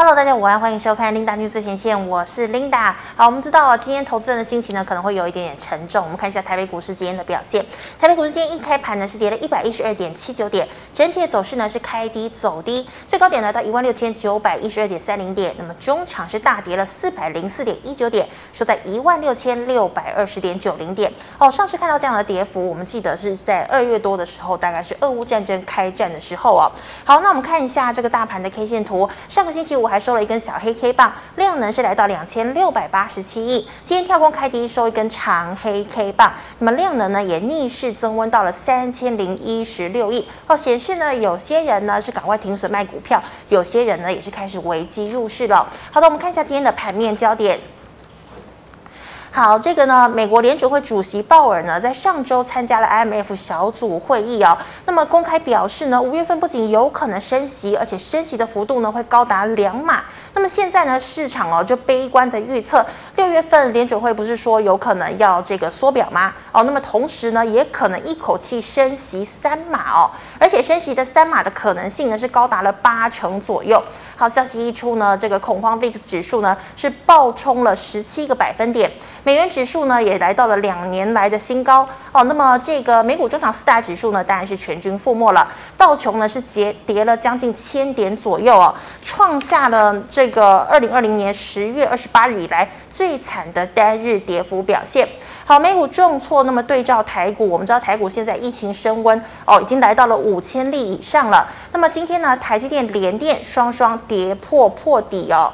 Hello，大家午安，歡迎收看《LINDA NEWS 最錢線》，我是 Linda。好，我們知道今天投資人的心情呢，可能會有一點點沉重。我們看一下台北股市今天的表現。台北股市今天一開盤呢，是跌了一百一十二點七九點，整體的走勢呢是開低走低，最高點呢到一萬六千九百一十二點三零點，那麼中場是大跌了四百零四點一九點，收在一萬六千六百二十點九零點。哦，上次看到這樣的跌幅，我們記得是在二月多的時候，大概是俄烏戰爭開戰的時候哦。好，那我們看一下這個大盤的 K 線圖，上個星期五。還收了一根小黑 K 棒，量能是來到兩千六百八十七億。今天跳空開低，收一根長黑 K 棒，那麼量能呢也逆勢增溫到了三千零一十六億，哦，顯示呢有些人呢是趕快停損賣股票，有些人呢也是開始危機入市了。好的，我們看一下今天的盤面焦點。好，這個呢，美國聯準會主席鮑爾呢，在上週參加了 IMF 小組會議哦，那麼公開表示呢，五月份不僅有可能升息，而且升息的幅度呢會高達兩碼。那麼現在呢，市場哦就悲觀地預測，六月份聯準會不是說有可能要這個縮表嗎？哦，那麼同時呢，也可能一口氣升息三碼哦，而且升息的三碼的可能性呢是高達了八成左右。好，消息一出呢，這個恐慌 VIX 指數呢是暴衝了十七個百分點，美元指數呢也來到了兩年來的新高。哦，那麼這個美股終場四大指數呢，當然是全軍覆沒了。道瓊呢是跌跌了將近千點左右哦、啊，創下了這個二零二零年十月二十八日以來最慘的單日跌幅表現。好，美股重挫，那麼對照台股，我們知道台股現在疫情升溫哦，已經來到了五千例以上了。那麼今天呢，台積電、聯電雙雙跌破破底哦。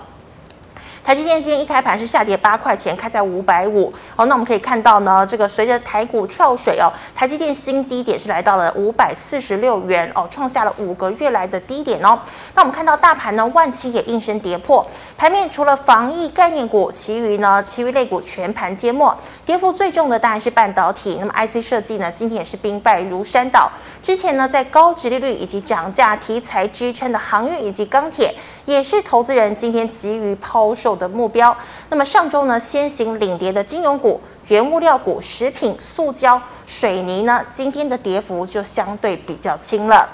台積電今天一開盤是下跌八塊錢，開在五百五。哦，那我們可以看到呢，這個隨着台股跳水哦，台積電新低點是來到了五百四十六元哦，創下了五個月來的低點哦。那我們看到大盤呢，萬七也應聲跌破。盤面除了防疫概念股，其餘呢，其餘類股全盤皆墨，跌幅最重的當然是半導體。那麼 IC 設計呢，今天也是兵敗如山倒。之前呢，在高殖利率以及漲價題材支撐的航運以及鋼鐵，也是投資人今天急於拋售的目標。那麼上周呢，先行領跌的金融股、原物料股、食品、塑膠、水泥呢，今天的跌幅就相對比較輕了。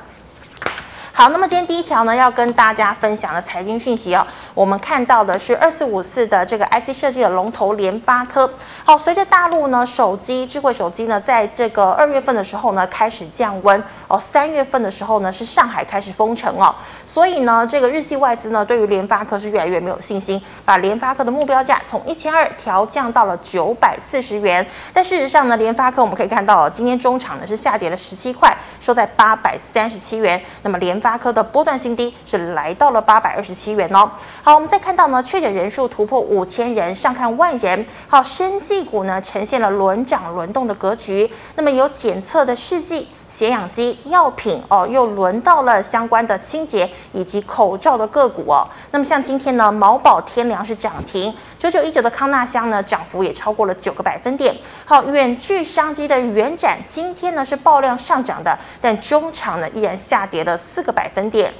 好，那麼今天第一條呢，要跟大家分享的財經訊息哦，我們看到的是二四五四的這個 IC 設計的龍頭聯發科。好，哦，隨着大陸呢手機、智慧手機呢，在這個二月份的時候呢開始降溫哦，三月份的時候呢是上海開始封城哦，所以呢這個日系外資呢對於聯發科是越來越沒有信心，把聯發科的目標價從一千二調降到了九百四十元。但事實上呢，聯發科我們可以看到哦，今天中場呢是下跌了十七塊，收在八百三十七元。那麼聯發科的波段新低是來到了八百二十七元哦。好，我們再看到呢，確診人數突破五千人，上看萬人。好，生技股呢呈現了輪漲輪動的格局，那麼有檢測的試劑。血氧機藥品哦，又輪到了相關的清潔以及口罩的個股哦。那麼像今天呢，毛寶天良是漲停，九九一九的康那香呢，漲幅也超過了九個百分點。好、哦，遠距商機的原展，今天呢是爆量上漲的，但中場呢依然下跌了四個百分點。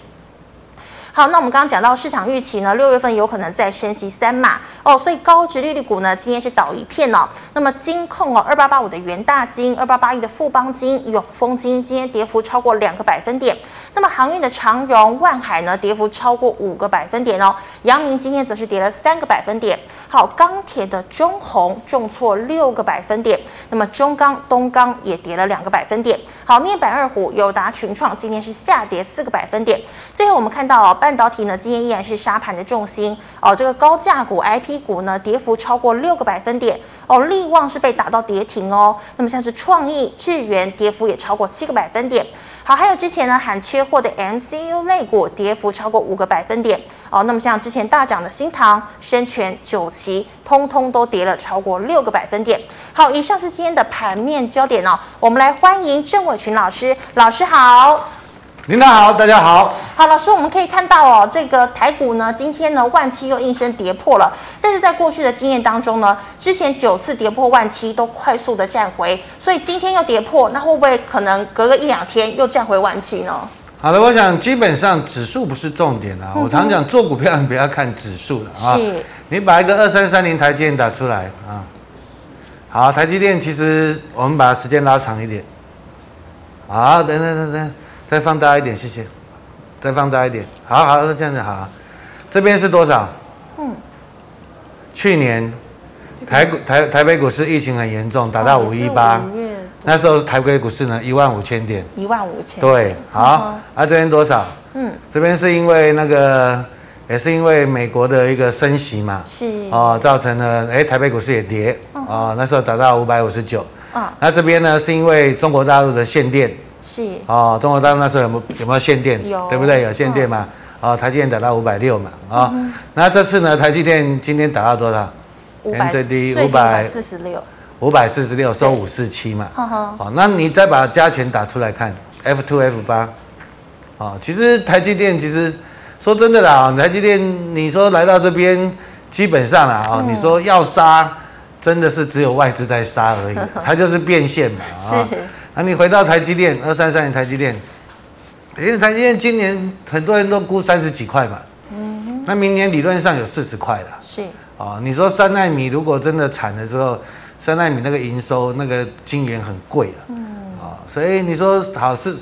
好，那我們剛剛講到市場預期呢，六月份有可能再升息三碼哦，所以高殖利率股呢今天是倒一片哦。那麼金控哦，二八八五的元大金、二八八一的富邦金、永豐金今天跌幅超過兩個百分點。那麼航運的長榮、萬海呢，跌幅超過五個百分點哦。陽明今天則是跌了三個百分點。好，鋼鐵的中鴻重挫六個百分點。那麼中鋼、東鋼也跌了兩個百分點。好，面板二虎友達、群創今天是下跌四個百分點。最後我們看到哦，半導體呢，今天依然是殺盤的重心哦。這個高價股、I P 股呢，跌幅超過六個百分點哦。力旺是被打到跌停哦。那麼像是創意、智原，跌幅也超過七個百分點。好，還有之前呢喊缺貨的 M C U 類股，跌幅超過五個百分點哦。那麼像之前大漲的新唐、盛群、九齊，通通都跌了超過六個百分點。好，以上是今天的盤面焦點哦。我們來歡迎鄭偉群老師，老師好。Linda 好，大家好。好，老師，我們可以看到哦，這個台股呢，今天呢，萬七又應聲跌破了。但是在過去的經驗當中呢，之前九次跌破萬七都快速的站回，所以今天又跌破，那會不會可能隔個一兩天又站回萬七呢？好的，我想基本上指數不是重點啊。嗯、哼我常講做股票你不要看指數了是啊。是。你把一個二三三零台積電打出來啊。好，台積電其實我們把時間拉長一點。好，等等等等。再放大一點，謝謝。再放大一點，好好，那這樣子好。這邊是多少？嗯。去年，台股台台北股市疫情很嚴重，達到五一八。那時候台北股市呢，一萬五千點。一萬五千。對，好。啊，這邊多少？嗯。這邊是因為那個，也是因為美國的一個升息嘛。是。哦，造成了，哎，台北股市也跌。哦。那時候達到五百五十九。啊。那這邊呢，是因為中國大陸的限電。是哦，中國大陸那時候有有沒有限電？有，對不對？有限電嘛？哦，台積電打到五百六嘛？啊，那這次呢？台積電今天打到多少？五最低五百四十六，五百四十六收五四七嘛？哈好，那你再把加權打出來看，F two F 八。哦，其實台積電其實說真的啦，台積電你說來到這邊，基本上啦啊，你說要殺，真的是只有外資在殺而已，它就是變現嘛。啊。那、啊、你回到台積電，二三三零台積電，因為台積電今年很多人都估三十幾塊嘛。嗯哼，那明年理論上有四十塊了是哦。你說三奈米如果真的產了之後，三奈米那個營收那個晶圓很貴了、啊。嗯、啊、哦，所以你說好四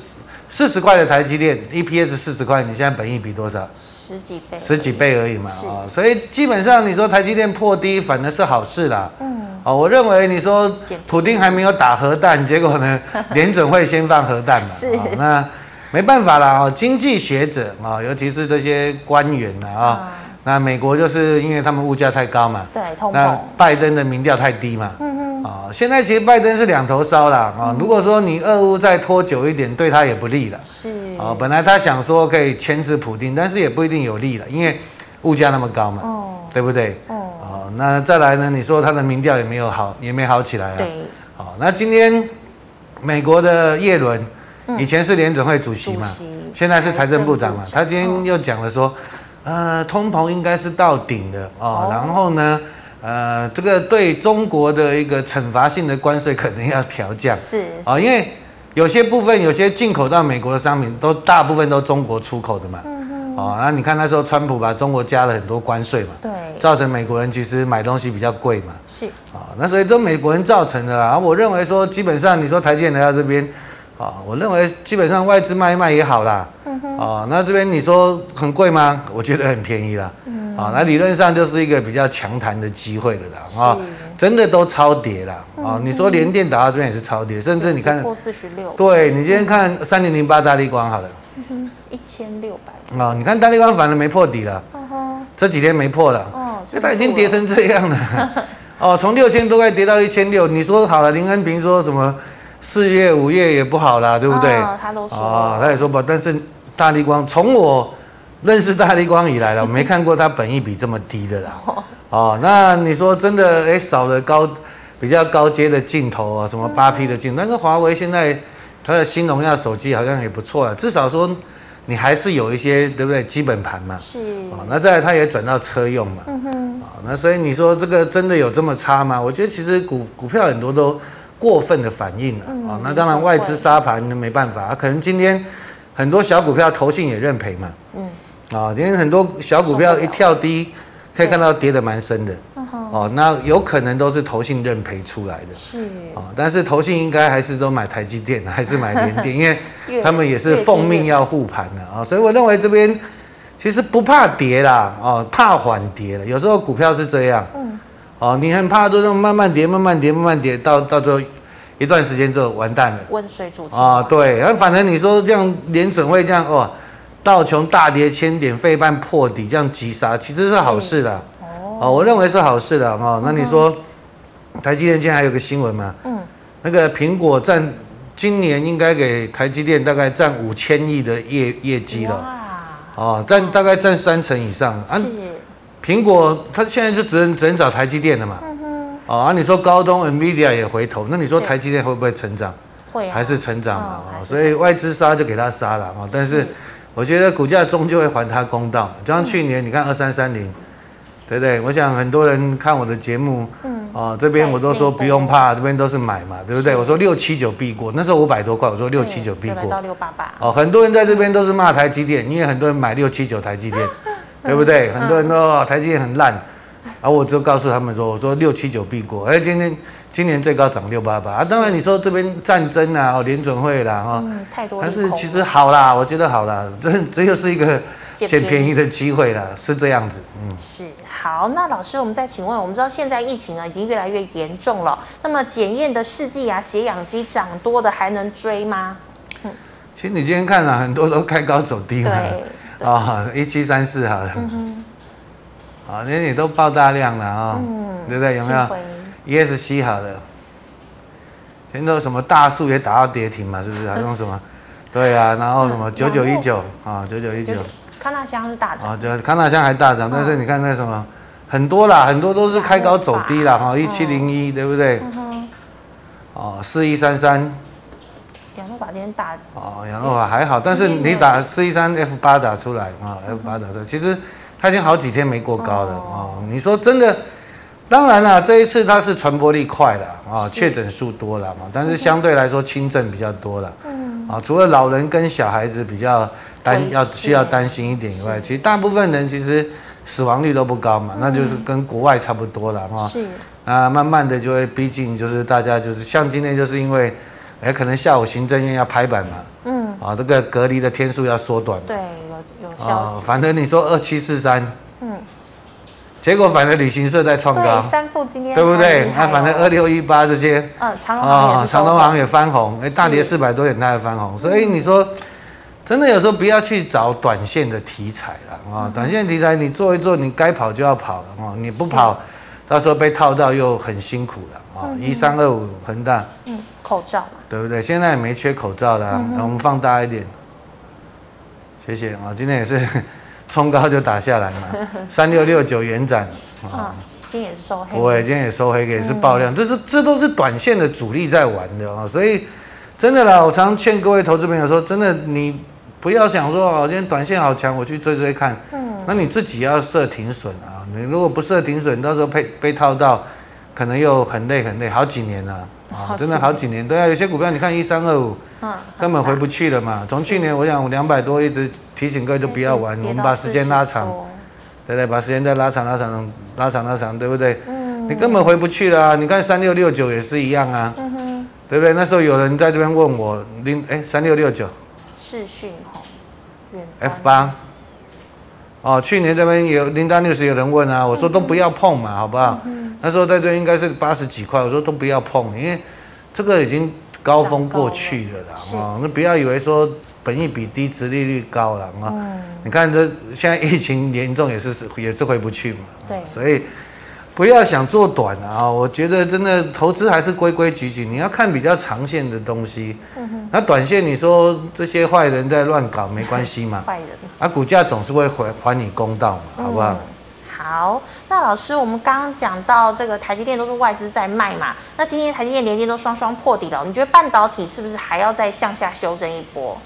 四十塊的台積電，EPS 四十塊，你現在本益比多少？十幾倍，十幾倍而已嘛，啊是、哦，所以基本上你說台積電破低反而是好事啦、嗯我認為你說普丁還沒有打核彈，結果呢，聯準會先放核彈嘛？ 是、哦。那沒辦法啦，哦，經濟學者啊，尤其是這些官員啊，那美國就是因為他們物價太高嘛，對，通膨。那拜登的民調太低嘛，嗯嗯哼、哦。現在其實拜登是兩頭燒啦。啊、嗯。如果說你俄烏再拖久一點，對他也不利了。是、哦。本來他想說可以牽制普丁，但是也不一定有利了，因為物價那麼高嘛，哦、嗯，對不對？嗯那再來呢？你說他的民調也沒有好，也沒好起來啊。好對、哦。那今天美國的葉倫，嗯、以前是聯準會主席嘛，席現在是財政部長嘛，長他今天又講了說，哦、呃，通膨應該是到頂的哦。哦，然後呢，呃，這個對中國的一個懲罰性的關稅可能要調降。是啊、哦，因為有些部分有些進口到美國的商品都大部分都中國出口的嘛。嗯哦，那你看那時候川普把中國加了很多關稅嘛，對，造成美國人其實買東西比較貴嘛，是，啊、哦，那所以都美國人造成的啦。我認為說，基本上你說台積電來到這邊，啊、哦，我認為基本上外資賣一賣也好啦。嗯哼，啊、哦，那這邊你說很貴嗎？我覺得很便宜啦，嗯，啊、哦，那理論上就是一個比較強彈的機會了啦，啊是、哦，真的都超跌了，啊、嗯嗯哦，你說聯電打到這邊也是超跌，嗯、哼甚至你看破四十六，對，你今天看三零零八，大立光好了。一千六百啊！你看大立光反而沒破底了，uh huh. 這幾天沒破了，所以、uh huh. 呃、它已經跌成這樣了。去了 哦，從六千多塊跌到一千六，你說好了，林恩平說什麼四月五月也不好啦，對不對？Uh huh. 哦、他啊、哦，他也說吧，嗯、但是大立光從我認識大立光以來了，我沒看過它本益比這麼低的啦。 哦，那你說真的，哎，少了高比較高階的鏡頭啊，什麼八 P 的鏡那個、嗯、華為現在。他的新榮耀手機好像也不錯啊，至少說，你還是有一些對不對基本盤嘛。是。啊、哦。那再來他也轉到車用嘛。嗯哼。啊、哦，那所以你說這個真的有這麼差嗎？我覺得其實股股票很多都過分的反應了啊、嗯哦。那當然外資殺盤沒辦法、啊，可能今天很多小股票投信也認賠嘛。嗯。啊、哦，今天很多小股票一跳低，可以看到跌得蠻深的。哦，那有可能都是投信認賠出來的。是耶。哦，但是投信應該還是都買台積電，還是買聯電， 因為他們也是奉命要護盤的啊。所以我認為這邊其實不怕跌啦，哦，怕緩跌了。有時候股票是這樣。嗯。哦，你很怕就慢慢跌，慢慢跌，慢慢跌到到最後一段時間就完蛋了。溫水煮青蛙。啊、哦，對，那反正你說這樣聯準會這樣哦，道瓊大跌千點，費半破底這樣急殺，其實是好事啦。哦，我認為是好事的、哦、那你說，嗯、台積電今天還有個新聞嘛？嗯。那個蘋果占今年應該給台積電大概占五千億的業業績了。哇。占、哦、大概占三成以上。是。蘋、啊、果它現在就只能只能找台積電了嘛？嗯哼哦、啊，你說高通、NVIDIA 也回頭，那你說台積電會不會成長？會、啊。還是成長嘛？哦、長所以外資殺就給它殺了啊！但是我覺得股價終究會還它公道。就是像去年你看二三三零。嗯對不對？我想很多人看我的節目，嗯，哦，這邊我都說不用怕，嗯、這邊都是買嘛，對不對？是我說六七九必過，那時候五百多塊，我說六七九必過，到六八八。哦，很多人在這邊都是罵台積電，因為很多人買六七九台積電， 對不對？嗯、很多人都說台積電很爛，然後我就告訴他們說，我說六七九必過，哎，今天。今年最高漲六八八啊，當然你說這邊戰爭啊，哦，聯準會啦，哈、嗯，太多，但是其實好啦，我覺得好啦，這這又是一個撿便宜的機會了，是這樣子，嗯，是好，那老師，我們再請問，我們知道現在疫情啊已經越來越嚴重了，那麼檢驗的試劑啊、血氧機漲多的還能追嗎？嗯，其實你今天看了，啊、很多都開高走低了，對，啊、哦，一七三四好了，嗯哼，啊、哦，你都爆大量了啊，哦，嗯，對不對？有沒有？E S C 好了，前頭什麼大樹也打到跌停嘛，是不是？還用什麼？對啊，然後什麼九九一九啊，九九一九。康那香是大漲。啊，康那香還大漲，但是你看那什麼，很多啦，很多都是開高走低了，哈，一七零一，對不對？嗯哼。哦，四一三三。然後把今天打。哦，然後還好，但是你打四一三 F 八打出來啊，F 八打出來，其實它已經好幾天沒過高了哦，你說真的？當然啦，這一次它是傳播力快了啊，確診數多了嘛，但是相對來說輕症比較多了。嗯。啊，除了老人跟小孩子比較擔要需要擔心一點以外，其實大部分人其實死亡率都不高嘛，那就是跟國外差不多了哈。是。啊，慢慢的就會逼近，就是大家就是像今天就是因為，哎，可能下午行政院要拍板嘛。嗯。啊，這個隔離的天數要縮短。對，有有消息。啊，反正你說二七四三。結果反正旅行社在創高，對，三富今天、哦、對不對？那反正二六一八這些，嗯，長榮啊、哦，長榮航也翻紅，是誒大跌四百多點它也翻紅，所以你說、嗯、真的有時候不要去找短線的題材了啊、哦，短線題材你做一做，你該跑就要跑了、哦。你不跑，是到時候被套到又很辛苦了啊。一三二五恆大，嗯，口罩嘛，對不對？現在也沒缺口罩的，我們放大一點，嗯嗯謝謝啊、哦，今天也是。衝高就打下來嘛，三六六九圓展， 啊，今天也是、so、收黑，不會，今天也收黑，也是爆量，嗯、這這都是短線的主力在玩的啊，所以真的啦，我常勸各位投資朋友說，真的你不要想說哦，今天短線好強，我去追追看，嗯、那你自己要設停損啊，你如果不設停損，你到時候被被套到，可能又很累很累，好幾年了啊，啊，真的好幾年，幾年對啊，有些股票你看一三二五。根本回不去了嘛！從去年，我想我兩百多一直提醒各位都不要玩，我們把時間拉長，對不對？把時間再拉長、拉長、拉長、拉長，對不對？嗯。你根本回不去了，啊，你看三六六九也是一樣啊，嗯、哼對不對？那時候有人在這邊問我零哎三六六九，欸、69, 視訊號，F 八，哦，去年這邊有 Linda News 有人問啊，我說都不要碰嘛，好不好？嗯、哼那時候在這應該是八十幾塊，我說都不要碰，因為這個已經。高峰過去了啦，啊，那不要以為說本益比低殖利率高了嘛。嗯、你看這現在疫情嚴重也是也是回不去嘛。對，所以不要想做短啊，我覺得真的投資還是規規矩矩，你要看比較長線的東西。嗯、哼那短線你說這些壞人在亂搞沒關係嘛，人啊，股價總是會還還你公道嘛，好不好？嗯好，那老師，我們剛剛講到這個台積電都是外資在賣嘛，那今天台積電、聯電都雙雙破底了，你覺得半導體是不是還要再向下修正一波？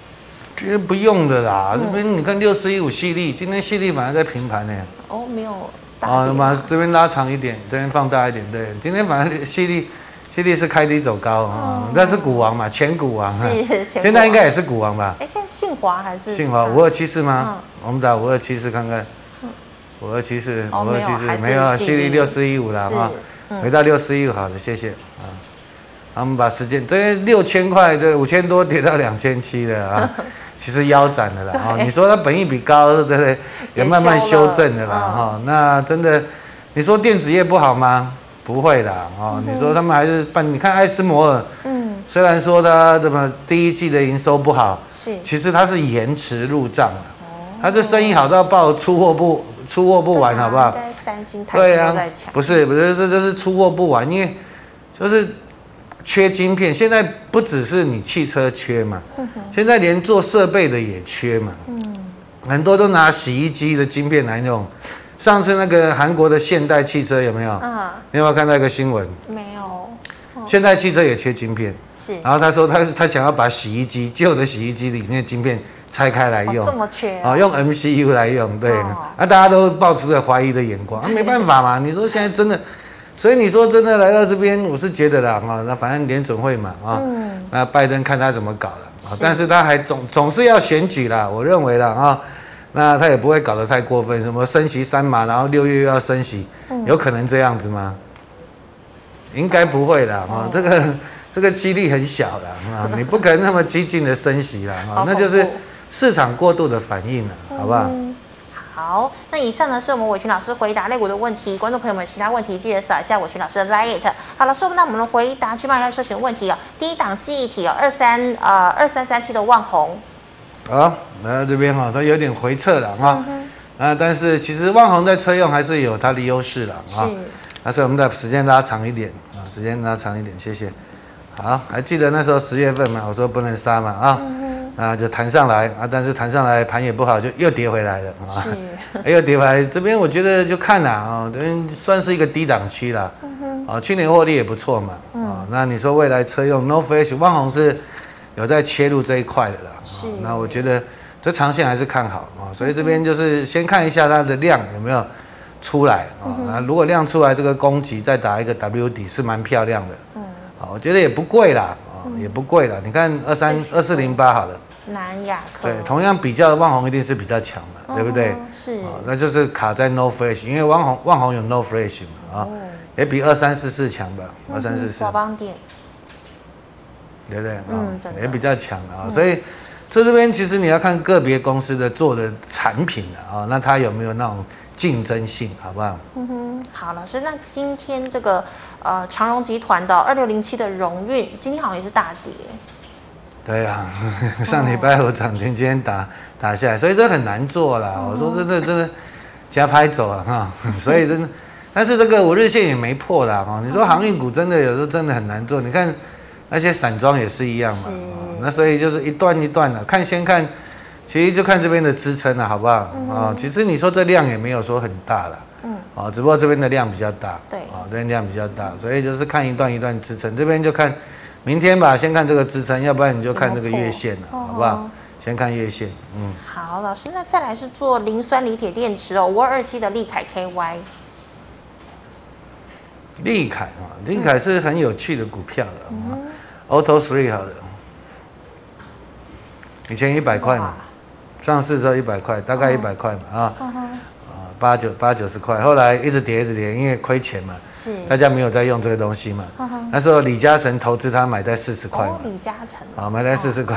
其實不用的啦，這邊你看六四一五矽力，今天矽力反而在平盤呢。哦，沒有。啊，哦、這邊拉長一點，這邊放大一點。對，今天反正矽力，矽力是開低走高啊，哦、但是股王嘛，前股王，現在應該也是股王吧？哎，現在信驊還是？信驊五二七四嗎？哦、我們打五二七四看看。五二七四，五二七四，哦、沒，有沒有，系列六四一五的啊，嗯、回到六四一五，好的，謝謝啊。我、嗯、們把時間，這六千塊，這五千多跌到兩千七了啊，其實腰斬的了啊、嗯哦。你說它本益比高是對也慢慢修正的了哈、哦哦。那真的，你說電子業不好嗎？不會啦哦。嗯、你說他們還是辦，你看艾斯摩爾，嗯，雖然說他怎麼第一季的營收不好，是其實它是延遲入賬了，它、哦、這生意好到爆出貨不。出貨不完，好不好？對啊不是，不是，就是出貨不完，因為就是缺晶片。現在不只是你汽車缺嘛，現在連做設備的也缺嘛。嗯，很多都拿洗衣機的晶片來用。上次那個韓國的現代汽車有沒有？嗯。你有沒有看到一個新聞？沒有。現代汽車也缺晶片。是。然後他說他他想要把洗衣機舊的洗衣機裡面的晶片拆開來用，哦、這麼缺啊？哦、用 MCU 來用，對那、哦啊、大家都抱持着懷疑的眼光，那對、啊、沒辦法嘛。你說現在真的，所以你說真的來到這邊，我是覺得啦，啊、哦，那反正聯準會嘛，啊、哦，嗯、那拜登看他怎麼搞了，啊、哦，是但是他還總總是要選舉啦，我認為啦，啊、哦，那他也不會搞得太過分，什麼升息三碼，然後六月又要升息，嗯、有可能這樣子嗎？嗯、應該不會啦，啊、哦哦這個，這個這個幾率很小的，啊，你不可能那麼激進的升息啦，啊 怖，那就是。市場過度的反應了，好不好？嗯、好，那以上呢是我們偉群老師回答類股的問題，觀眾朋友們其他問題記得掃一下偉群老師的 LINE。好了，說不到我們的回答，接下來社群問題啊，第一檔記憶體啊，二三呃二三三七的旺宏。好、哦，來到這邊啊、哦，他有點回撤了啊，啊、哦嗯哼呃，但是其實旺宏在車用還是有它的優勢了、哦、是啊，所以我們的時間拉長一點啊，時間拉長一點，謝謝。好，還記得那時候十月份嘛，我說不能殺嘛啊。哦嗯啊，就彈上來啊，但是彈上來盤也不好，就又跌回來了啊是、哦，又跌回來。這邊我覺得就看啦，啊，等於算是一個低檔區了。啊、嗯哼，去年獲利也不錯嘛啊、嗯哦。那你說未來車用 NOR Flash，旺宏是有在切入這一塊的啦。啊是、哦，那我覺得這長線還是看好啊、哦，所以這邊就是先看一下它的量有沒有出來啊。嗯哼哦、那如果量出來，這個攻擊再打一個 W 底是蠻漂亮的。啊、嗯哦，我覺得也不貴啦啊、哦，也不貴啦。嗯、你看二三二四零八好了。南亞科、哦、對，同樣比較旺宏一定是比較強的，嗯、哼對不對？是、哦，那就是卡在 NOR Flash，因為旺宏旺宏有 NOR Flash 嘛啊，哦、對也比二三四四強吧，二三四四華邦電對不對？哦、嗯，的也比較強啊、哦，嗯、所以在這邊其實你要看個別公司的做的產品啊，哦、那它有沒有那種競爭性，好不好？嗯哼，好，老師，那今天這個呃長榮集團的二六零七的榮運，今天好像也是大跌。對啊，上禮拜我漲停，今天打、嗯、打下來，所以這很難做啦。嗯、哼我說這這真的加拍走了、啊、哈，所以真的，但是這個五日線也沒破啦哈。你說航運股真的有時候真的很難做，你看那些散裝也是一樣嘛。是哦、那所以就是一段一段的、啊、看，先看，其實就看這邊的支撐了、啊，好不好？啊、哦，其實你說這量也沒有說很大了，嗯，啊、哦，只不過這邊的量比較大，對，啊、哦，這邊量比較大，所以就是看一段一段支撐，這邊就看。明天吧，先看這個支撐，要不然你就看這個月線了、啊，Okay . oh, 好不好？Oh. 先看月線，嗯。好，老師，那再來是做磷酸鋰鐵電池哦，五二二七的立凱 KY。立凱啊，立凱是很有趣的股票的，auto three 好的，以前一百塊嘛，啊、上市時候一百塊，大概一百塊嘛、uh huh. 啊。Uh huh. 八九八九十塊，後來一直跌一直跌，因為虧錢嘛，是大家沒有在用這個東西嘛。那時候李嘉誠投資他買在四十塊，李嘉誠啊買在四十塊，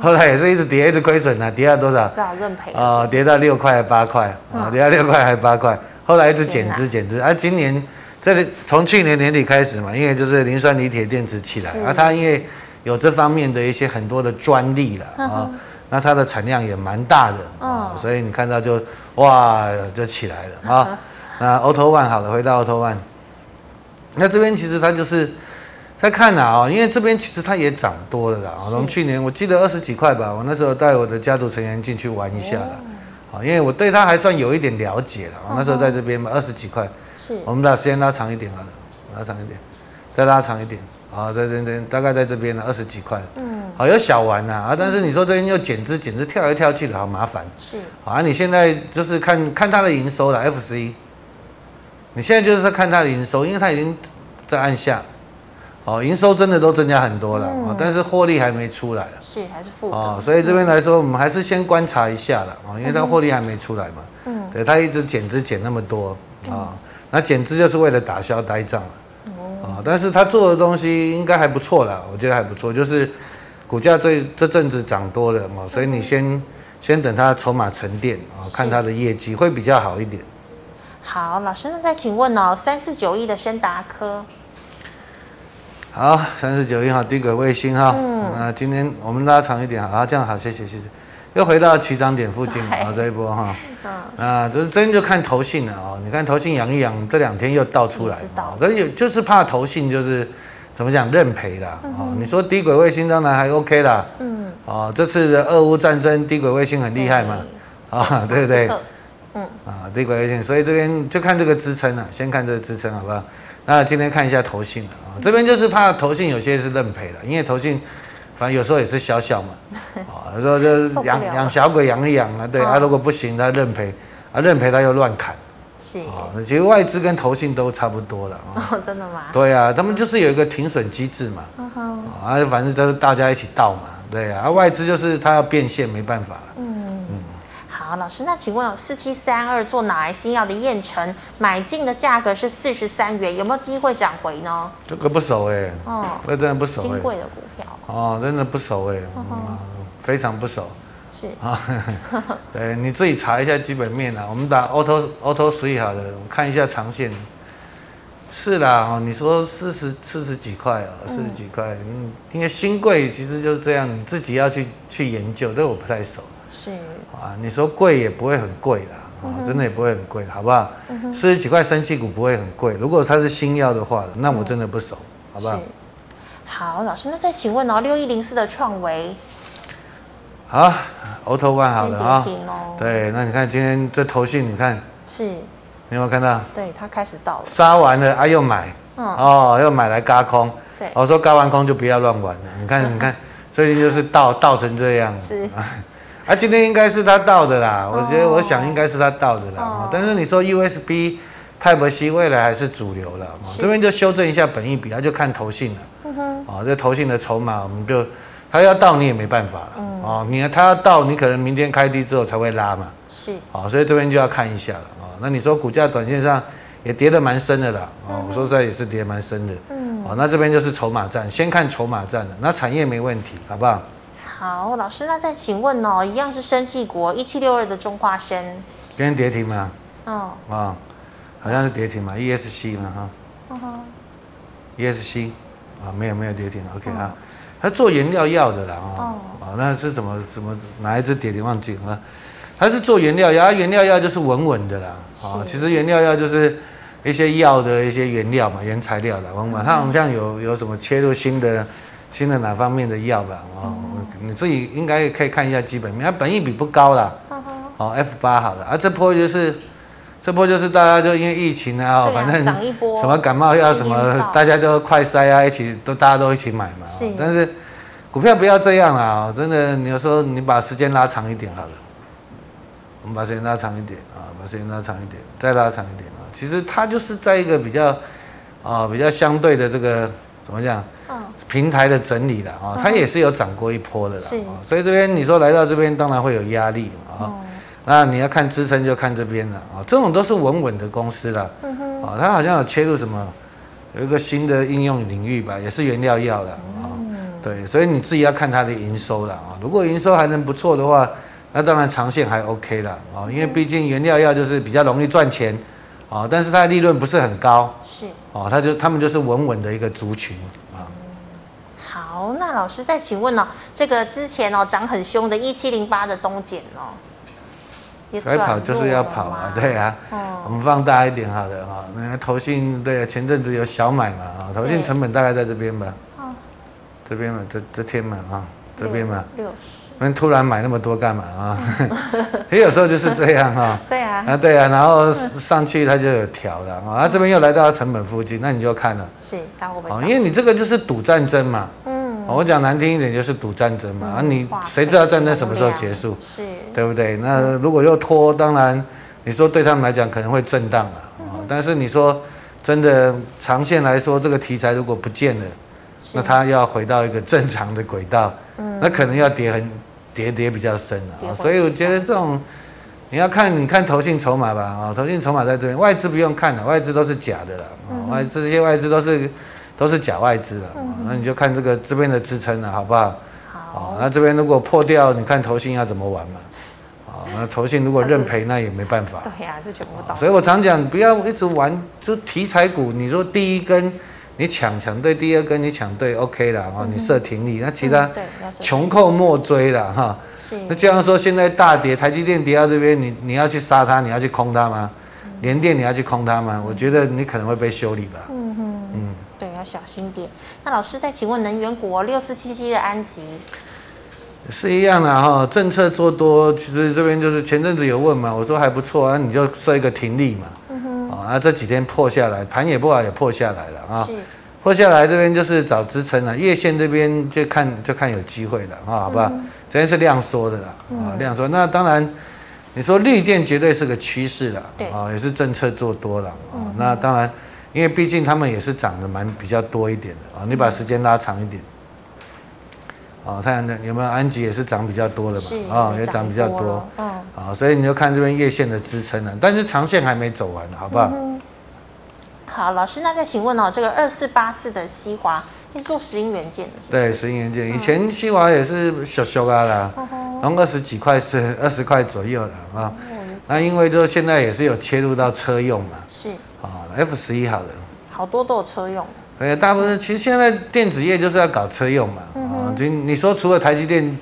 後來也是一直跌一直虧損的，跌到多少？只好認賠啊，跌到六塊還八塊啊，跌到六塊還八塊，後來一直減資、減資啊。今年這裡從去年年底開始嘛，因為就是磷酸鋰鐵電池起來啊，它因為有這方面的一些很多的專利了啊。那它的產量也蠻大的啊、哦哦，所以你看到就哇就起來了啊。了那 auto one 好了，回到 auto one，那這邊其實它就是在看啦，啊、哦，因為這邊其實它也漲多了啦，從是去年我記得二十幾塊吧，我那時候帶我的家族成員進去玩一下啦。好、欸，因為我對它還算有一點了解了。嗯、哼我那時候在這邊嘛，二十幾塊。是。我們把時間拉長一點好了，拉長一點，再拉長一點。啊，在對對,對大概在這邊呢，二十幾塊。嗯，好有小玩吶啊，但是你說這邊又減資減資跳來跳去的，好麻煩。是。啊你是，你現在就是看看它的營收了，FC。你現在就是看它的營收，因為它已經在按下。哦，營收真的都增加很多了啊，嗯、但是獲利還沒出來。是還是負的、哦。所以這邊來說，我們還是先觀察一下了啊，因為它獲利還沒出來嘛。嗯。對，它一直減資減那麼多啊、嗯哦，那減資就是為了打消呆賬但是他做的東西應該還不錯啦，我覺得還不錯，就是股價這這陣子漲多了嘛，所以你先先等他籌碼沉澱啊，看他的業績會比較好一點。好，老師，那再請問哦，三四九一的昇達科。好，三四九一好，低軌衛星哈。嗯。那今天我們拉長一點，好，這樣好，謝謝，謝謝。又回到起漲點附近啊，對這一波哈，啊， 這邊就看投信了，你看投信揚一揚，這兩天又倒出來了，所以就是怕投信就是怎麼講認賠了啊，你說低軌衛星當然還 OK 啦，嗯，啊、哦，這次的俄烏戰爭低軌衛星很厲害嘛，對哦、啊，對不對，對？嗯，啊，低軌衛星，所以這邊就看這個支撐了、啊，先看這個支撐好不好？那今天看一下投信啊，這邊就是怕投信有些是認賠了，因為投信。反正有時候也是小小嘛，啊，有時候就是養養小鬼養一養啊，對啊，如果不行他認賠，啊認賠他又亂砍，是，其實外資跟投信都差不多了啊，真的嗎？對啊，他們就是有一個停損機制嘛，啊，反正都是大家一起倒嘛，對啊，外資就是他要變現沒辦法了，嗯嗯，好，老師，那請問有四七三二做腦癌新藥的彥臣買進的價格是四十三元，有沒有機會漲回呢？這個不熟哎，嗯，我真的不熟，新貴的股票。哦，真的不熟哎，啊、哦，非常不熟，是啊， 對，你自己查一下基本面啊。我們打 Auto Auto three 好了，我看一下長線。是啦，哦，你說四十、四十幾塊啊、哦，嗯、四十幾塊，嗯，因為興櫃其實就是這樣，你自己要去去研究，這我不太熟。是啊，你說貴也不會很貴啦。嗯、哼哦，真的也不會很貴，好不好？嗯、哼四十幾塊生技股不會很貴，如果它是新藥的話，那我真的不熟，嗯、好不好？好，老師，那再請問哦，六一零四的創惟，好，Auto One 好了啊，對，那你看今天這投信，你看是，有沒有看到？對，它開始倒了，殺完了啊，又買，哦，又買來軋空，對，我說軋完空就不要亂玩了。你看，你看，最近就是倒倒成這樣，是啊，今天應該是它倒的啦，我覺得我想應該是它倒的啦，但是你說 USB Type-C 未來還是主流了，這邊就修正一下本益比，它就看投信了。啊，這、嗯哦、投信的籌碼，我們就他要到你也沒辦法了啊、嗯哦！你看他要到你可能明天開低之後才會拉嘛，是啊、哦，所以這邊就要看一下了啊、哦。那你說股價短線上也跌的蠻深的啦。哦，嗯、哼我說實在也是跌蠻深的，嗯啊、哦，那這邊就是籌碼站。先看籌碼站了。那產業沒問題，好不好？好，老師，那再請問哦，一樣是生技股，一七六二的中化生，今天跌停嗎？哦啊、哦，好像是跌停嘛，ESC 嘛，哈，嗯哼，ESC。ES C? 啊、哦，沒有沒有跌停，OK 啊、哦，它做原料藥的啦，哦，啊、哦哦，那是怎麼怎麼哪一只跌停忘記啦、啊，它是做原料藥，它原料藥就是穩穩的啦，啊是、哦，其實原料藥就是一些藥的一些原料嘛，原材料的穩穩，嗯、哼它好像有有什麼切入新的新的哪方面的藥吧，啊、哦，嗯、哼你自己應該可以看一下基本面，它本益比不高啦，嗯哼哦、F 好，F 八好的，啊，這波就是。這波就是大家就因為疫情啊，反正什麼感冒藥什麼，啊、大家都快塞啊，一起都大家都一起買嘛。是但是股票不要這樣啊！真的，你有時候你把時間拉長一點好了。我們把時間拉長一點啊，把時間拉長一點，再拉長一點啊。其實它就是在一個比較啊比較相對的這個怎麼講？平台的整理的啊，它也是有漲過一波的啦。是所以這邊你說來到這邊，當然會有壓力啊。嗯那你要看支撐就看這邊了啊，這種都是穩穩的公司了啊，嗯、哼它好像有切入什麼有一個新的應用領域吧，也是原料藥了啊，嗯、對，所以你自己要看它的營收了啊，如果營收還能不錯的話，那當然長線還 OK 了啊，因為畢竟原料藥就是比較容易賺錢啊，但是它的利潤不是很高，是它就他們就是穩穩的一個族群啊、嗯。好，那老師再請問了、哦，這個之前哦漲很凶的1708的東鹼哦。該跑就是要跑啊，對啊，嗯、我們放大一點好的哈，那投信對、啊，前陣子有小買嘛，啊，投信成本大概在這邊吧，對這邊嘛，這這天嘛啊，這邊嘛，六十，那突然買那麼多幹嘛啊？也、嗯、 有時候就是這樣哈， 對啊，啊對啊，然後上去它就有調了啊，這邊又來到它成本附近，那你就看了，是大股本，因為你這個就是賭戰爭嘛。嗯我講難聽一點就是賭戰爭嘛，嗯、啊你誰知道戰爭什麼時候結束？是哇，對，對不對？是那如果又拖，當然你說對他們來講可能會震盪了啊，嗯、但是你說真的長線來說，這個題材如果不見了，是那它要回到一個正常的軌道，嗯、那可能要跌很跌跌比較深了啊。所以我覺得這種你要看你看投信籌碼吧，啊投信籌碼在這邊，外資不用看了，外資都是假的啊，外資、嗯、這些外資都是。都是假外資了、嗯、哼那你就看這個這邊的支撐了，好不好？好、哦。那這邊如果破掉，你看投信要怎麼玩嘛？哦、那投信如果認賠，那也沒辦法。是哦、對、啊哦、所以我常講，嗯、哼不要一直玩就題材股。你說第一根你搶搶對，第二根你搶對，OK 啦，嗯、哼你設停利，那其他窮寇莫追了哈。是那既然說現在大跌，台積電跌到這邊，你你要去殺它，你要去空它嗎？嗯、哼聯電你要去空它嗎？我覺得你可能會被修理吧。嗯哼。嗯。要小心點。那老師再請問能源國六四七七的安吉，是一樣的哈，政策做多，其實這邊就是前陣子有問嘛，我說還不錯啊，你就設一個停利嘛，嗯、哼啊，那這幾天破下來，盤也不好也破下來了啊，是破下來這邊就是找支撐了，月線這邊就看就看有機會了啊，好吧，嗯、哼這也是量縮的了。啊、嗯，量縮。那當然你說綠電絕對是個趨勢了。啊對，也是政策做多了，啊、嗯哼，那當然。因為畢竟他們也是漲的蠻比較多一點的啊，你把時間拉長一點，啊、哦，太陽能有沒有安吉也是漲比較多的吧？啊是，哦、長也漲比較多，嗯，好、哦，所以你就看這邊月線的支撐了，但是長線還沒走完，好不好？嗯、好，老師，那再請問哦，這個二四八四的西華是做石英元件的是不是，對，石英元件以前西華也是小小的啦，然後二十幾塊是二十塊左右的啊、哦，那因為就現在也是有切入到車用嘛，是。好 F 十一好了，好多都有車用。哎，大部分其實現在電子業就是要搞車用嘛。啊、嗯哼，你、哦、你說除了台積電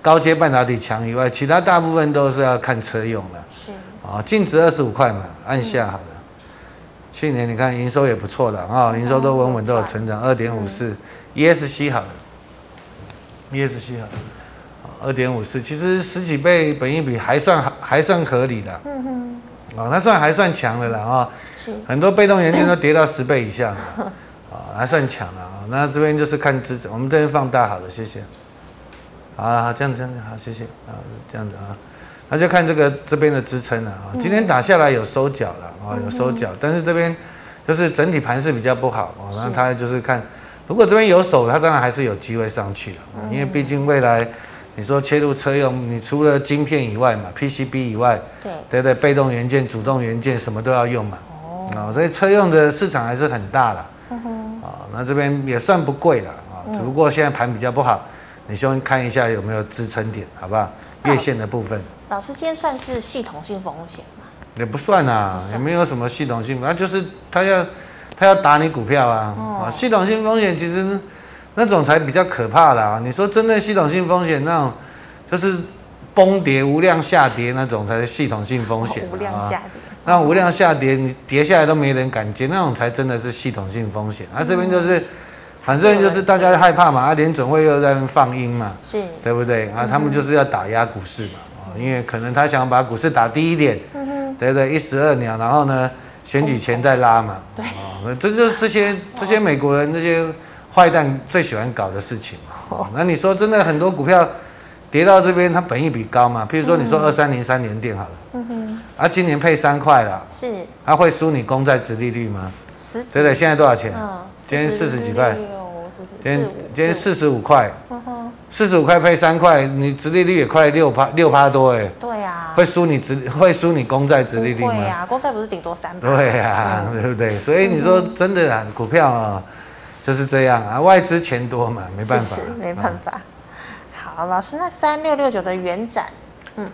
高階半導體強以外，其他大部分都是要看車用了。是。啊、哦，淨值二十五塊嘛，按下好了。去年，嗯，你看營收也不錯的啊、哦，營收都穩穩都有成長，二點五四。嗯，ESC 好的，ESC 好了，二點五四，其實十幾倍本益比還算還還算合理的。嗯哼。哦，那算還算強的了啊，哦，是很多被動元件都跌到十倍以下了啊，哦，還算強啊。那這邊就是看支撐，我們這邊放大好了，謝謝。好，好，這樣這樣好，謝謝啊，這樣子。啊，謝謝、哦哦，那就看這個這邊的支撐了啊，哦。今天打下來有收腳了啊，哦，有收腳，嗯、哼，但是這邊就是整體盤勢比較不好啊，哦。那他就是看，是如果這邊有手，他當然還是有機會上去的，因為畢竟未來。你說切入車用，你除了晶片以外嘛，PCB 以外，對,對對對，被動元件、主動元件什麼都要用嘛。哦，所以車用的市場還是很大的。嗯、哼哦，那這邊也算不貴了啊，哦嗯、只不過現在盤比較不好，你希望看一下有沒有支撐點，好不好？嗯、月線的部分。老師今天算是系統性風險嗎？也不算啊，算也沒有什麼系統性風險，那、啊、就是他要他要打你股票啊。哦啊，系統性風險其實。那種才比較可怕啦。你說真的，系統性風險那種，就是崩跌無量下跌那種，才是系統性風險、哦、無量下跌，啊、那無量下跌，你跌下來都沒人敢接，那種才真的是系統性風險。嗯、啊，這邊就是，反正就是大家害怕嘛，嗯、啊，聯準會又在那邊放鷹嘛，是對不對？啊，他們就是要打壓股市嘛，因為可能他想把股市打低一點，嗯、哼對不對？一石二鳥，然後呢，選舉前再拉嘛，嗯、啊，這這這些這些美國人這些。壞蛋最喜歡搞的事情，那你說真的，很多股票跌到這邊，它本益比高嘛？譬如說你說二三零三年定好了，嗯哼，啊，今年配三塊了，是，它、啊、會輸你公債殖利率嗎？十幾，對，對對，現在多少錢？嗯，今天四十幾塊，今天塊四十五塊，嗯哼，四十五塊配三塊，你殖利率也快六趴六趴多哎、欸，對啊，會輸你殖會輸你公債殖利率嗎？會啊，公多對啊，呀，公債不是頂多三倍，對呀，對不對？所以你說真的啊，嗯、哼股票啊、喔。就是這樣啊，外資錢多嘛，沒辦法，沒辦法。好，老師，那三六六九的圓展，嗯，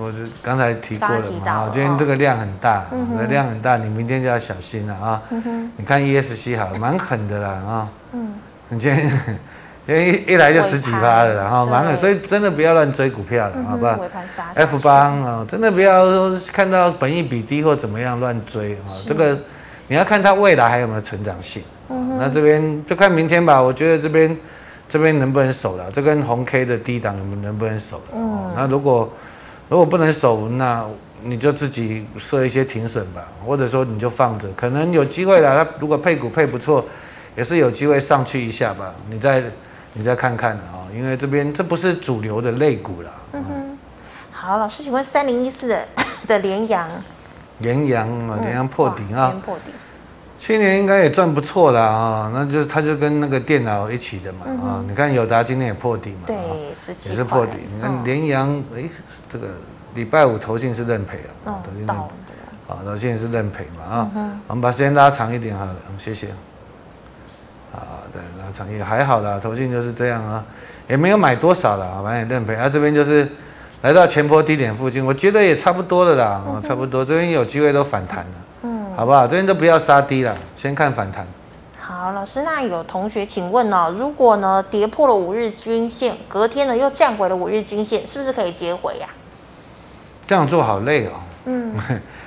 我就剛才提過了嘛，今天這個量很大，嗯，量很大，你明天就要小心了啊。嗯哼，你看 E S C 好，蠻狠的啦啊，嗯，今天因為一來就十幾趴的啦，然後蠻狠，所以真的不要亂追股票了，好不好？F 八啊，真的不要說看到本益比低或怎麼樣亂追啊，這個你要看它未來還有沒有成長性。嗯、那這邊就看明天吧，我覺得這邊這邊能不能守了，這根紅 K 的低檔能能不能守了？嗯、喔，那如果如果不能守，那你就自己設一些停損吧，或者說你就放着，可能有機會了。他如果配股配不錯，也是有機會上去一下吧。你再你再看看啊、喔，因為這邊這不是主流的類股了。嗯，好，老師，請問三零一四的的連陽，連陽啊，連陽破底啊，嗯、破底。去年應該也賺不錯了啊，那就他就跟那個電腦一起的嘛啊，嗯、你看友達今天也破底嘛，對，十七塊，也是破底。你看聯陽，哎、嗯欸，這個禮拜五投信是認賠啊，嗯、投信認賠了投信是認賠嘛啊，嗯、哼我們把時間拉長一點好了，謝謝。啊，對，拉長也還好啦，投信就是這樣啊，也沒有買多少了，反正也認賠。啊，這邊就是來到前波低點附近，我覺得也差不多了啦，差不多，嗯、哼這邊有機會都反彈了。好不好？這邊都不要殺低了，先看反彈。好，老師，那有同學請問呢、哦？如果呢跌破了五日均線，隔天呢又降回了五日均線，是不是可以接回呀、啊？這樣做好累哦。嗯，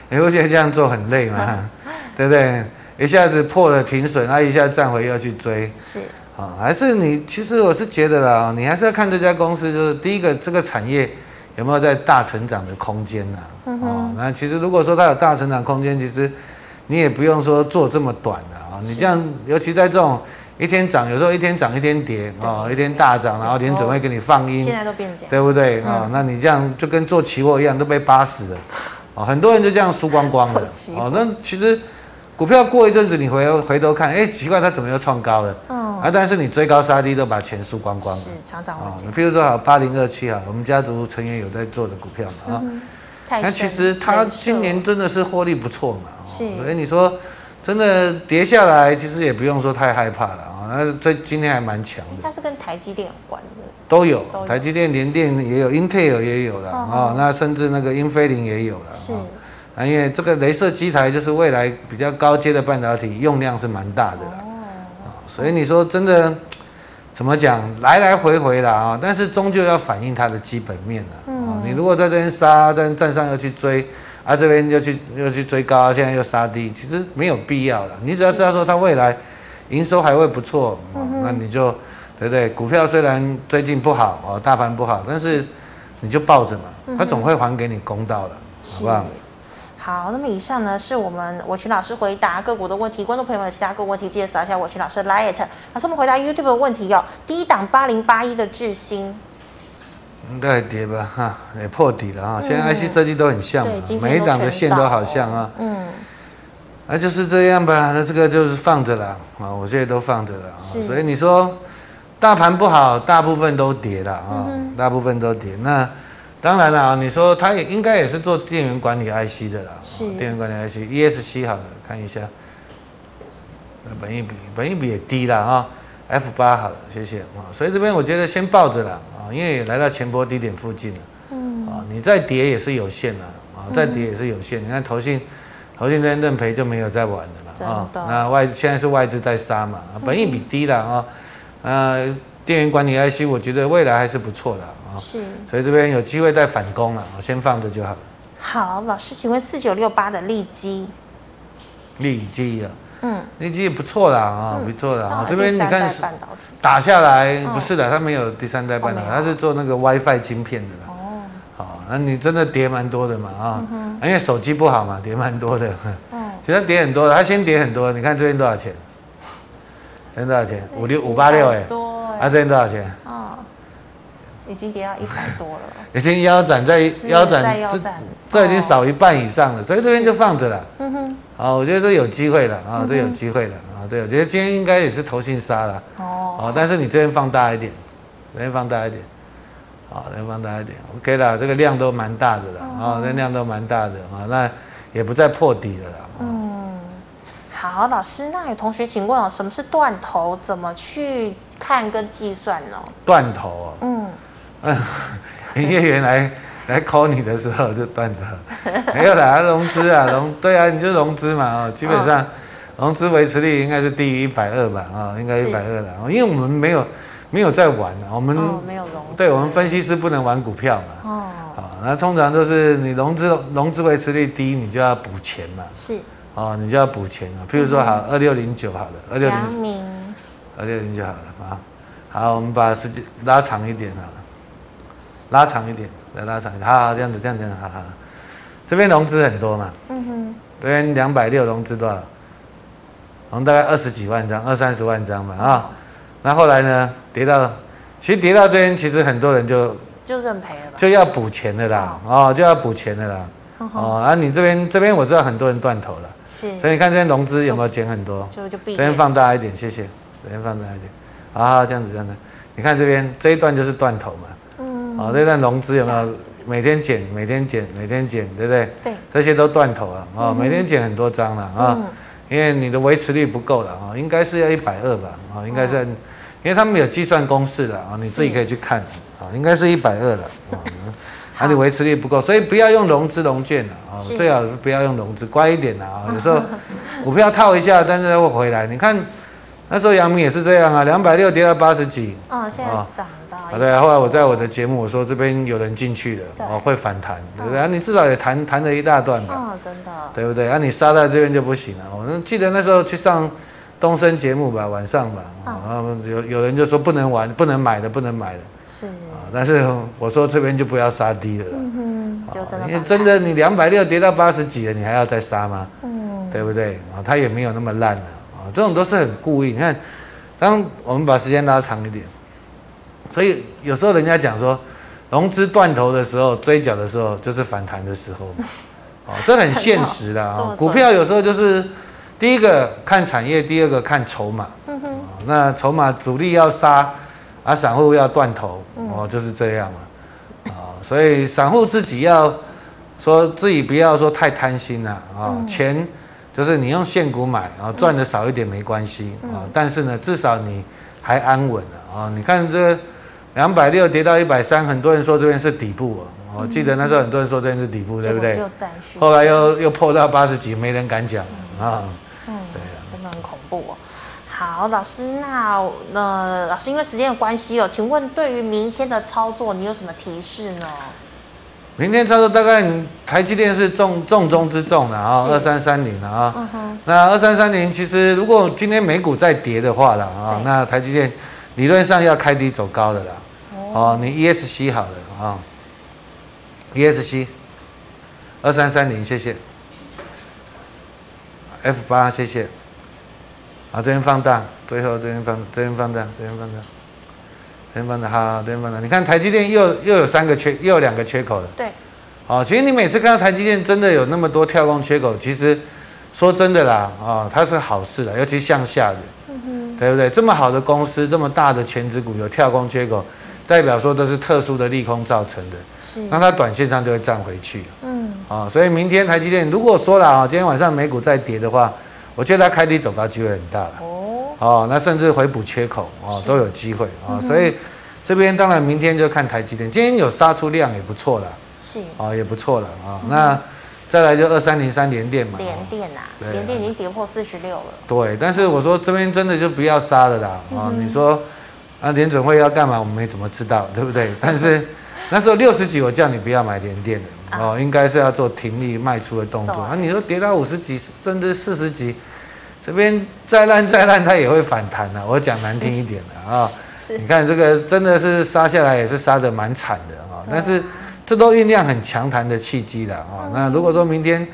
你會覺得這樣做很累嗎？嗯、對不對？一下子破了停損，那一下站回又要去追，是啊、哦，還是你其實我是覺得啦、哦，你還是要看這家公司，就是第一個這個產業有沒有在大成長的空間啊？哦，嗯、哼那其實如果說它有大成長空間，其實。你也不用說做這麼短的啊，你這樣，尤其在這種一天漲，有時候一天漲一天跌啊對、哦，一天大漲，然後連準備給你放陰，現在都變對不對啊、嗯哦？那你這樣就跟做期貨一樣，都被扒死了啊、哦！很多人就這樣輸光光了啊、哦。那其實股票過一陣子，你回回頭看，哎、欸，奇怪，它怎麼又創高了？嗯、啊，但是你追高殺低，都把錢輸光光了。是常常會這樣。比、哦、如說哈，八零二七啊，我們家族成員有在做的股票嘛啊。嗯那其實它今年真的是獲利不錯嘛，是所以你說真的跌下來，其實也不用說太害怕了啊。那這今天還蠻強的。它是跟台積電有關的。都有，都有台積電、聯電也有，英特爾也有的啊、哦哦。那甚至那個英飛凌也有的。是。啊，因為這個雷射機台就是未來比較高階的半導體用量是蠻大的啦。哦、所以你說真的。怎麼講？來來回回啦。啊，但是終究要反映它的基本面了。嗯、你如果在這邊殺，但站上要去追，啊，這邊又去又去追高，現在又殺低，其實沒有必要。你只要知道說它未來營收還會不錯，是那你就對不對？股票雖然最近不好，哦，大盤不好，但是你就抱着嘛，它總會還給你公道的，是好不好？好，那麼以上呢是我們偉群老師回答個股的問題，觀眾朋友們有其他個股問題，介紹一下偉群老師的 liet。老師，我們回答 YouTube 的問題第、哦、低檔八零八一的致新，應該還跌吧？哈，也破底了啊，哦！嗯、現在 IC 設計都很像，對今天每一檔的線都好像，哦嗯、啊。嗯，那就是這樣吧。那這個就是放着了啊，我現在都放着了啊。是所以你說大盤不好，大部分都跌了啊，哦，嗯、大部分都跌。那當然了啊，你說他也應該也是做電源管理 IC 的啦，是電源管理 IC，ESC 好了，看一下，本益比本益比也低了啊，F 八好了，謝謝啊，所以這邊我覺得先抱着了啊，因為也來到前波低點附近了，啊、嗯，你再跌也是有限的啊，再跌也是有限。嗯、你看投信，投信跟邊認賠就沒有再玩了了啊，的那外現在是外資在殺嘛，本益比低了、嗯、啊，呃，電源管理 IC 我覺得未來還是不錯的。是，所以這邊有機會再反攻了，我先放着就好了。好，老師請問四九六八的立積，立積啊，嗯，立積也不錯啦啊，不錯的啊。這邊你看是，打下來不是的，它沒有第三代半導體，它是做那個 WiFi 芯片的。哦，好，那你真的跌蠻多的嘛啊，因為手機不好嘛，跌蠻多的。嗯，其實跌很多，它先跌很多，你看這邊多少錢？這邊多少錢？五六五八六哎，啊，這邊多少錢？已經跌到一百多了，已經腰斬在是腰斬斬，腰這這已經少一半以上了，哦、所以這邊就放着了。嗯哼，是，好，我覺得這有機會了啊，這、嗯哦、有機會了啊，對，我覺得今天應該也是投信殺了哦。哦，但是你這邊放大一點，這邊放大一點，啊，這邊放大一點，OK 啦，這個量都蠻大的了啊、嗯哦，這量都蠻大的啊，那也不再破底了啦。嗯，嗯，好，老師，那有同學請問哦，什麼是斷頭？怎麼去看跟計算呢？斷頭啊、哦，嗯。嗯，營業員來以來 call 你的時候就斷的，沒有啦， 啊、融資啊融，對啊，你就融資嘛啊，基本上融資維持率應該是低於一百二吧啊，應該一百二啦，是因為我們沒有沒有在玩啊，我們、哦、沒有融，對我們分析師不能玩股票嘛，哦，啊，那通常都是你融資融資維持率低，你就要補錢嘛，是，哦，你就要補錢啊，譬如說好二六零九好了，二六零，二六零九好了啊，好，我們把時間拉長一點啊。拉長一點，來拉長一點，啊，這樣子，這樣這樣，哈哈。這邊融資很多嘛，嗯哼。這邊兩百六融資多少？我們大概二十幾萬張，二三十萬張吧，啊、哦。那後來呢？跌到，其實跌到這邊，其實很多人就就認賠了吧，就要補錢的啦，哦，就要補錢的啦，嗯、哼哦。啊，你這邊這邊我知道很多人斷頭了，是。所以你看這邊融資有沒有減很多？這邊放大一點，謝謝。這邊放大一點，啊，這樣子，這樣子，你看這邊這一段就是斷頭嘛。啊、哦，這段融資有沒有每天減、每天減、每天減，對不對？對，這些都斷頭了啊、哦，每天減很多張了啊，哦嗯、因為你的維持率不夠了啊，應該是要一百二吧啊，應該是，哦、因為他們有計算公式了啊，你自己可以去看啊是、哦，應該是一百二了、哦、 啊，那你維持率不夠，所以不要用融資融券了啊，哦、是最好是不要用融資，乖一點了啊、哦，有時候股票套一下，但是它會回來，你看。那時候陽明也是這樣啊，兩百六跌到八十幾啊、哦，現在漲到、哦。對，後來我在我的節目我說，這邊有人進去了，對哦會反彈，對不對，啊、嗯、你至少也彈彈了一大段吧，嗯、哦、真的，對不對？啊你殺在這邊就不行了。我記得那時候去上東森節目吧，晚上吧，啊、嗯哦、有有人就說不能玩，不能買了，不能買了。是，啊、哦、但是我說這邊就不要殺低了，嗯，就真的，因為真的你兩百六跌到八十幾了，你還要再殺嗎？嗯，對不對？啊、哦、他也沒有那麼爛了。哦、這種都是很故意。你看，當我們把時間拉長一點，所以有時候人家講說，融資斷頭的時候，追繳的時候就是反彈的時候、哦，這很現實的啊。好哦、股票有時候就是第一個看產業，第二個看籌碼、嗯哼哦。那籌碼主力要殺，啊，散戶要斷頭，哦，就是這樣嘛。啊、哦，所以散戶自己要說自己不要說太貪心了啊、哦，錢。嗯就是你用現股買，然後賺的少一點沒關係啊，嗯、但是呢，至少你還安穩了啊。你看這兩百六跌到一百三，很多人說這邊是底部、啊嗯、我記得那時候很多人說這邊是底部，嗯、對不對？後來又又破到八十幾，沒人敢講、嗯、啊。啊嗯，對啊，真的很恐怖哦。好，老師，那那、呃、老師因為時間的關係哦，請問對於明天的操作，你有什麼提示呢？明天操作大概台積電是重重中之重了啊，二三三零了啊。Uh huh. 那二三三零其實如果今天美股再跌的話了啊，對那台積電理論上要開低走高的啦。哦，oh. 你 ESC 好了啊，ESC 二三三零謝謝，F 八謝謝，啊這邊放大，最後這邊放這邊放大，這邊放大。你看台積電又又有三個缺，又有兩個缺口了。對、哦，其實你每次看到台積電真的有那麼多跳空缺口，其實說真的啦，啊、哦，它是好事啦，尤其向下的，嗯、哼對不對？這麼好的公司，這麼大的權值股有跳空缺口，代表說都是特殊的利空造成的。是，那它短線上就會站回去。嗯，啊、哦，所以明天台積電如果說了啊，今天晚上美股再跌的話，我覺得它開低走高機會很大了。哦哦，那甚至回補缺口哦，都有機會啊，所以這邊當然明天就看台積電，今天有殺出量也不錯啦，是哦，也不錯了啊。那再來就二三零三聯電嘛，聯電啊，聯電已經跌破四十六了。對，但是我說這邊真的就不要殺了啦啊，你說啊，聯準會要幹嘛？我們沒怎麼知道，對不對？但是那時候六十幾，我叫你不要買聯電的哦，應該是要做停利賣出的動作啊。你說跌到五十幾，甚至四十幾。這邊再爛再爛，它也會反彈的、啊。我講難聽一點的啊，哦、是你看這個真的是殺下來也是殺得蠻慘的啊。哦、對但是這都醞釀很強彈的契機的啊。那如果說明天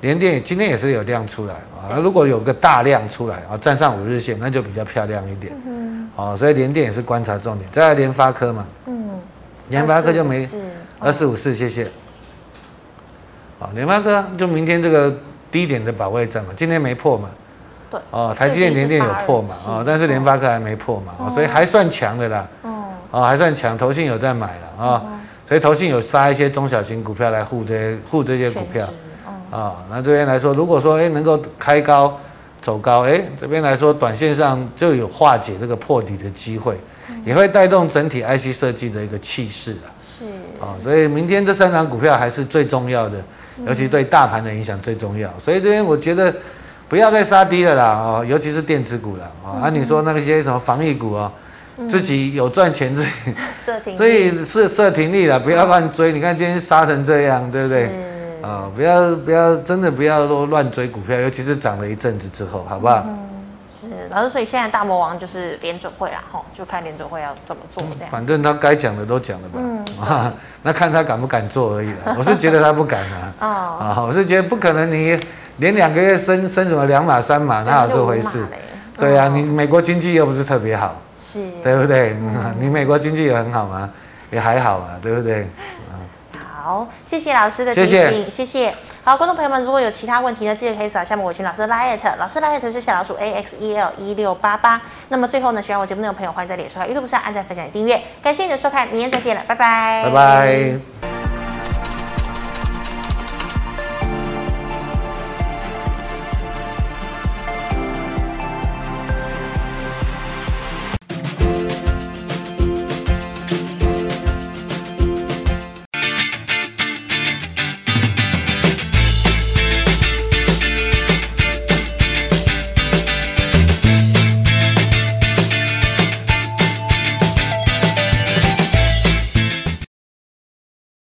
聯電今天也是有量出來啊，那、哦、如果有個大量出來啊、哦，站上五日線，那就比較漂亮一點。好、嗯哦，所以聯電也是觀察重點。再來聯發科嘛，嗯，聯發科就沒二四五四、嗯、五四謝謝。好、哦，聯發科就明天這個低點的保衛戰嘛，今天沒破嘛。對哦，27, 台積電、聯電有破嘛？啊、哦，但是聯發科還沒破嘛？哦、所以還算強的啦。嗯、哦，還算強。投信有在買了啊、哦，所以投信有殺一些中小型股票來護這護這些股票。嗯、哦。那這邊來說，如果說、欸、能夠開高走高，哎、欸、這邊來說，短線上就有化解這個破底的機會，嗯、也會帶動整體 IC 設計的一個氣勢啊。是、哦。所以明天這三檔股票還是最重要的，嗯、尤其對大盤的影響最重要。所以這邊我覺得。不要再殺低了啦，哦，尤其是電子股啦。嗯、哼啊，你說那些什麼防疫股哦、喔，嗯、自己有賺錢自己，設停。所以設設停利了，不要亂追。嗯、你看今天殺成這樣，對不對？啊是、哦，不要不要，真的不要說亂追股票，尤其是漲了一陣子之後，好不好、嗯？是，然後所以現在大魔王就是聯準會啦，吼、哦，就看聯準會要怎麼做這樣。反正他該講的都講了吧，嗯、啊，那看他敢不敢做而已了。 我是覺得他不敢啊，啊、哦哦，我是覺得不可能你。連兩個月升升什麼兩碼三碼？哪有這回事？對啊，你美國經濟又不是特別好，是啊、對不對？你美國經濟也很好嗎？也還好嘛，對不對？好，謝謝老師的提醒，謝謝，謝謝。好，觀眾朋友們，如果有其他問題呢，記得可以掃下面，我請老師拉艾特，老師拉艾特是小老鼠 A X E L 一六八八。那麼最後呢，喜歡我節目的朋友，歡迎在臉書和 YouTube 上按讚、分享、訂閱。感謝你的收看，明天再見了，拜拜，拜拜。